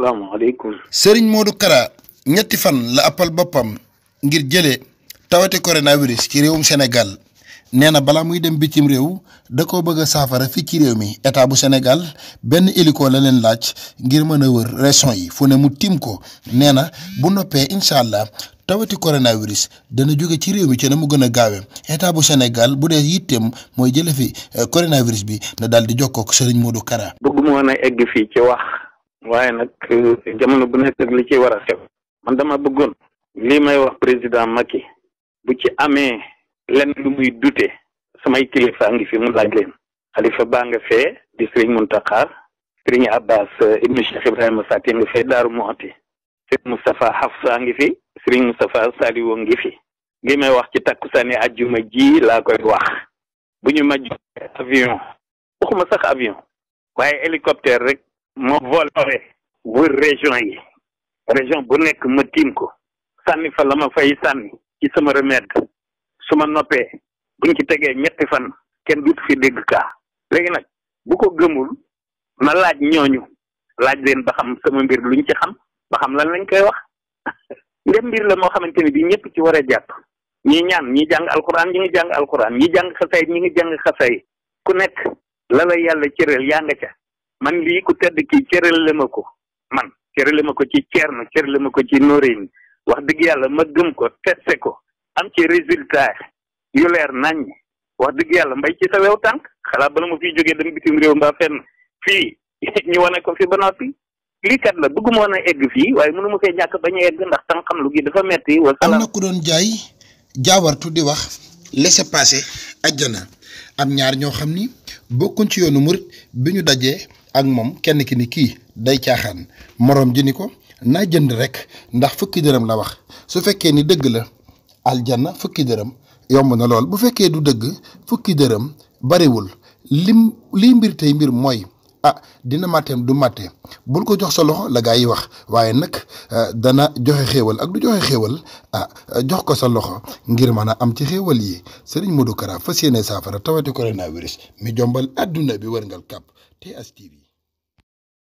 salaamaaleykum. Serigne Modou Kara ñetti fan la appal boppam ngir jële tawati coronavirus ci réewum Sénégal nee na balaa muy dem bitim réew da koo bëgg saafara fii ci réew mi état bu Sénégal benn hélico la leen laaj ngir mën a wër région yi fu ne mu tiim ko nee na bu noppee incha allah tawati coronavirus dana jóge ci réew mi ci na mu gën a gaawe bu Sénégal bu dee yitteem mooy jële fi eh, coronavirus bi na daal di jokkoo ak Serigne Modou Kara. bëgg mu egg fii ci wax. waaye nag eh, jamono bu nekk ak li war a xew man dama bëggoon lii may wax président Macky bu ci amee lenn lu muy dute samay kilifa ngi fi mu laaj leen xalifa baa nga fee di sëriñ Muntaxa sëriñ Abbas eh, ibnu Cheikh Ibrahima Fati nga fee Daaru Muxti sëriñ Moustapha Hafsa ngi fi sëriñ Moustapha Saliwo ngi fi li may wax ci takkusaani ajjuma ji laa koy wax bu ñu majj avion waxuma sax avion waaye hélicoptère rek ma volore wër région yi région bu nekk ma tiim ko sànni fa la ma fay sànni ci sama remède su ma noppee buñ ci tegee ñetti fan kenn duut fi dégg kaa léegi nag bu ko gëmul ma laaj ñooñu laaj leen ba xam sama mbir luñ ci xam ba xam lan lañ koy wax ndem mbir la moo xamante ne bi ñëpp ci war a jàpp ñi ñaan ñi jàng al alquran ñi ngi jàng alquran ñi jàng xasay ñi ngi jàng xasay ku nekk la la yàlla cëreel yaa nga ca man lii ku tedd kii cërale ma ko man cërale ma ko ci Ceerno cërale ma ko ci Noreyni wax dëgg yàlla ma gëm ko teste ko am ci résultat yu leer nañ wax dëgg yàlla mbay ci sa wew tànk xalaat bala ma fiy jógee dem bitim réew mbaa fenn fii ñu wane ko fi banaat noppi lii kat la bëgguma woon a egg fii waaye mënu ma fee ñàkk bañ a egg ndax tan xam lu gi dafa metti wala am na ku doon jaay jaawartu di wax laisser passer àjjana am ñaar ñoo xam ni bokkuñ ci yoonu murit bi ñu dajee ak moom kenn ki ni kii day caaxaan moroom ji ni ko naa jënd rek ndax fukki dërëm la wax su fekkee ni dëgg la aljana fukki dërëm yomb na lool bu fekkee du dëgg fukki dërëm bariwul lim liy mbir tey mbir mooy ah dina màtteem du màttee bul ko jox sa loxo la gaa yi wax waaye nag eh, dana joxe xéewal ak du joxe xéewal ah eh, jox ko sa loxo ngir mën a am ci xéewal yi Serigne Modou Kara fas yéene saafara tawati coronavirus mi jombal àdduna bi wërngal kàpp TS TV